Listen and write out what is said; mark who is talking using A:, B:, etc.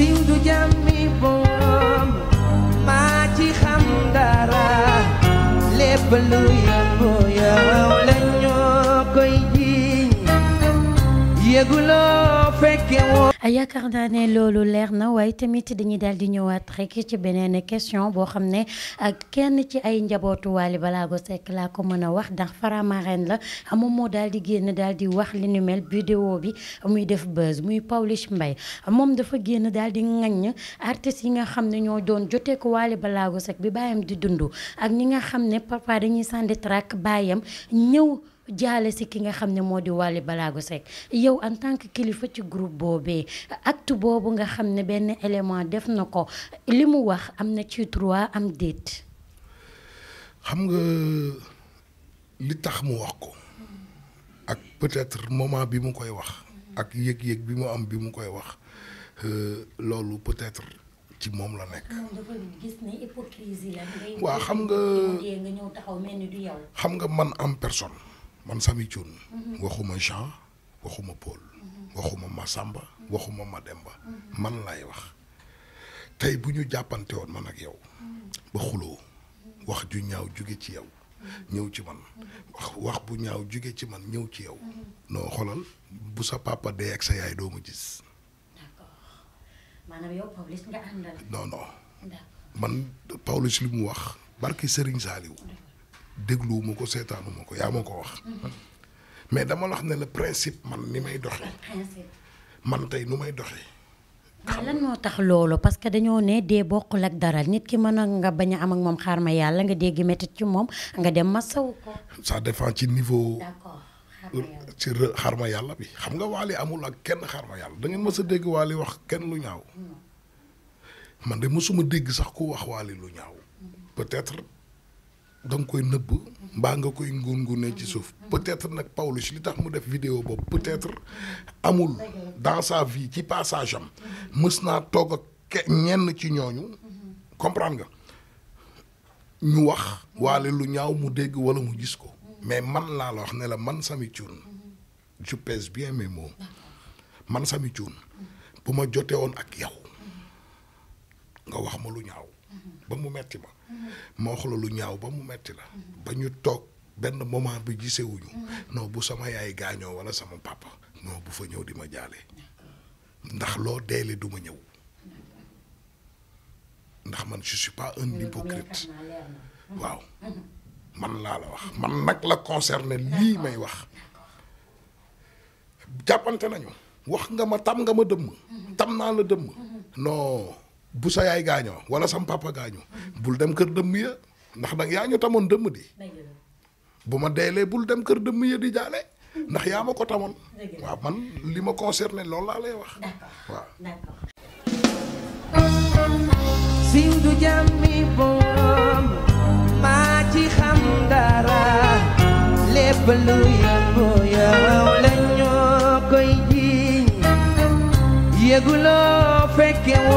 A: siiw du jàmmi boom maa ci xam dara lépp luy Ah, yaakaar naa ne loolu leer na waaye tamit dañuy daal di ñëwaat rek ci beneen question boo xam ne ak kenn ci ay njabootu Wally Ballago Seck laa ko mën a wax ndax faramareen la ah, moom moo daal di génn daal di wax linumel bidéo bi muy def buzz muy Pawlish mbay ah, moom dafa génn daal di ŋaññ artistes yi nga xam ne ñoo doon jotee ko Wally Ballago Seck bi baayam di dundu ak ñi nga xam ne papa dañuy sànni track baayam ñëw. jaale ci ki nga xamne modi wali balago sek yow en tant que kilifa ci groupe bobé acte bobu nga xamne ne élément def nako limu wax am ci droit am dit
B: xam nga li tax mu wax ko ak peut-être moment bi mu koy wax ak yek yek bi mu am bi mu koy wax lolu peut-être. ci mom la nek wa xam nga. xam nga man am personne. man Samy waxuma Jean waxuma Paul waxuma masamba waxuma Mademba man lay wax tey bu ñu jàppante woon man ak yow ba xuloo wax ju ñaaw jóge ci yow ñëw ci man wax wax bu ñaaw jóge ci man ñëw ci yow noo xolal bu sa papa dee ak sa yaay doomu ma gis
A: maanaam yow Pawlish
B: man Pawlish li mu wax barki Serigne Saliou dégluwuma ko seetaanuma ko yaa ma ko wax. mais dama la wax ne le principe man ni may doxee. man tey nu may doxee.
A: xam lan moo tax loolu parce que dañoo ne dee bokkul ak dara ki mën a nga bañ a am moom xaar ma nga dégg métit ci moom nga dem ma saw ko.
B: ça dépend ci niveau. ci xar ma yàlla bi xam nga waali amul ak kenn xaar ma yàlla da ngeen mës a dégg waali wax kenn lu ñaaw. Hmm. man de mësuma dégg sax ku wax waali lu ñaaw. Hmm. da nga koy nëbb mbaa nga koy nguur-nguur ci suuf peut-être nag Pawlish li tax mu def vidéo boobu peut-être amul dans sa vie ci passage am mës naa toog ak ñenn ci ñooñu comprendre nga ñu wax waale lu ñaaw mu dégg walla mu gis ko mais man laa la wax ne la man Samy Thioune je bien mes mots man Samy Thioune bu ma jotee woon ak yow lu ñaaw. ba mu metti ma. ma wax la lu ñaaw ba mu metti la. ba ñu toog benn moment bi gisewuñu non bu sama yaay gaañoo wala sama papa. non bu fa ñëw di ma jaale. ndax loo deele du ma ñëw. ndax man je pas un hypocrite waaw man laa la wax man nag la concerné lii may wax jàppante nañu wax nga ma tam nga ma dëmm tam naa la dëmm non bu sa yaay gaño wala sam papa gaño bul dem kër dem ya ndax nak yaa ñu dem di buma délé bul dem kër dem ya di jalé ndax yaa ma ko tamoon man lima concerné lool la lay wax waaw sindu
A: jammi bom ma ci xam dara lepp lu yëngu yow la ñoo koy di yegulo fekke